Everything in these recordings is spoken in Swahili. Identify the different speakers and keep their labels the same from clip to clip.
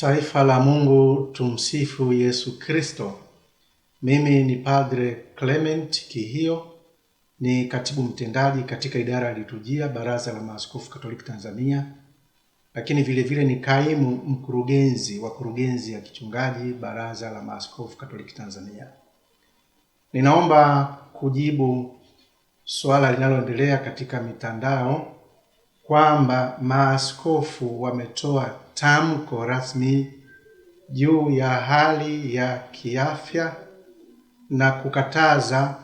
Speaker 1: Taifa la Mungu, tumsifu Yesu Kristo. Mimi ni Padre Clement Kihio, ni katibu mtendaji katika idara ya liturujia Baraza la Maaskofu Katoliki Tanzania, lakini vile vile ni kaimu mkurugenzi wa kurugenzi ya kichungaji Baraza la Maaskofu Katoliki Tanzania. Ninaomba kujibu suala linaloendelea katika mitandao kwamba maaskofu wametoa tamko rasmi juu ya hali ya kiafya na kukataza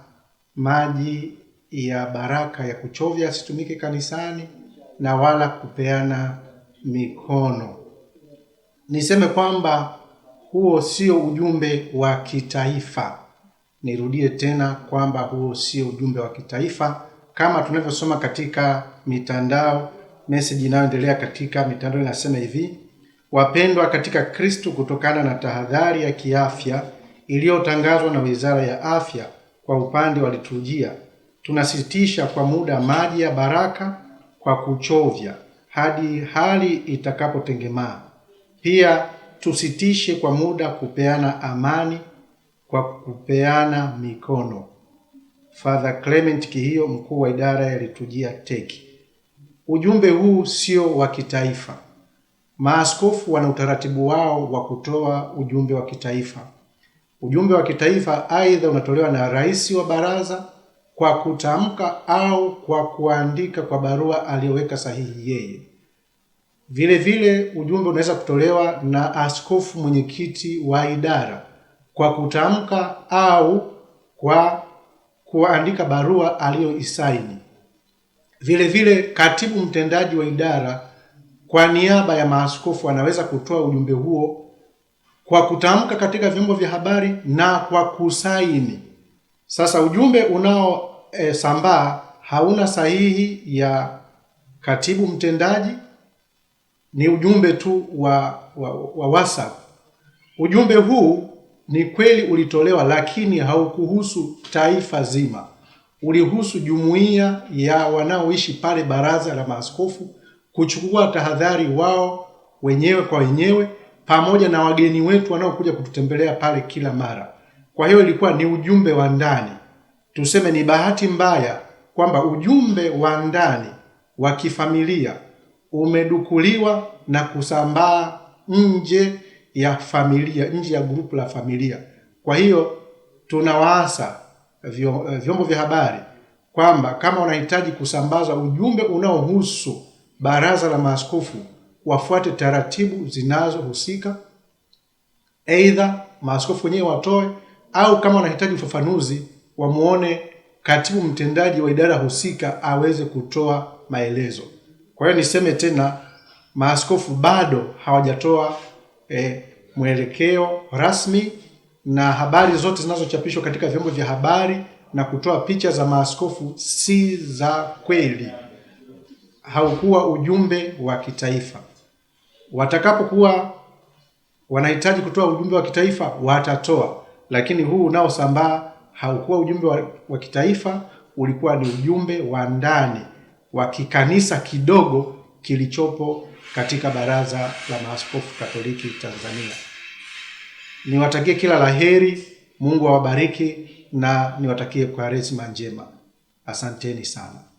Speaker 1: maji ya baraka ya kuchovya asitumike kanisani na wala kupeana mikono. Niseme kwamba huo sio ujumbe wa kitaifa. Nirudie tena kwamba huo sio ujumbe wa kitaifa kama tunavyosoma katika mitandao. Meseji inayoendelea katika mitandao inasema hivi: Wapendwa katika kristu kutokana na tahadhari ya kiafya iliyotangazwa na Wizara ya Afya kwa upande wa liturujia, tunasitisha kwa muda maji ya baraka kwa kuchovya hadi hali itakapotengemaa. Pia tusitishe kwa muda kupeana amani kwa kupeana mikono. Father Clement Kihio, mkuu wa idara ya liturujia TEC. Ujumbe huu sio wa kitaifa maaskofu wana utaratibu wao wa kutoa ujumbe wa kitaifa. Ujumbe wa kitaifa aidha unatolewa na rais wa baraza kwa kutamka au kwa kuandika kwa barua aliyoweka sahihi yeye. Vile vile ujumbe unaweza kutolewa na askofu mwenyekiti wa idara kwa kutamka au kwa kuandika barua aliyoisaini. Vile vile katibu mtendaji wa idara kwa niaba ya maaskofu anaweza kutoa ujumbe huo kwa kutamka katika vyombo vya habari na kwa kusaini. Sasa ujumbe unaosambaa e, hauna sahihi ya katibu mtendaji, ni ujumbe tu wa, wa, wa WhatsApp. Ujumbe huu ni kweli ulitolewa, lakini haukuhusu taifa zima, ulihusu jumuiya ya wanaoishi pale baraza la maaskofu kuchukua tahadhari wao wenyewe kwa wenyewe pamoja na wageni wetu wanaokuja kututembelea pale kila mara. Kwa hiyo ilikuwa ni ujumbe wa ndani. Tuseme ni bahati mbaya kwamba ujumbe wa ndani wa kifamilia umedukuliwa na kusambaa nje ya familia, nje ya grupu la familia. Kwa hiyo tunawaasa vyombo vya habari kwamba kama unahitaji kusambaza ujumbe unaohusu baraza la maaskofu wafuate taratibu zinazohusika, aidha maaskofu wenyewe watoe, au kama wanahitaji ufafanuzi wamuone katibu mtendaji wa idara husika aweze kutoa maelezo. Kwa hiyo niseme tena, maaskofu bado hawajatoa eh, mwelekeo rasmi na habari zote zinazochapishwa katika vyombo vya habari na kutoa picha za maaskofu si za kweli haukuwa ujumbe wa kitaifa. Watakapokuwa wanahitaji kutoa ujumbe wa kitaifa watatoa, lakini huu unaosambaa haukuwa ujumbe wa, wa kitaifa, ulikuwa ni ujumbe wa ndani wa kikanisa kidogo kilichopo katika Baraza la Maaskofu Katoliki Tanzania. Niwatakie kila laheri, Mungu awabariki na niwatakie Kwaresma njema. Asanteni sana.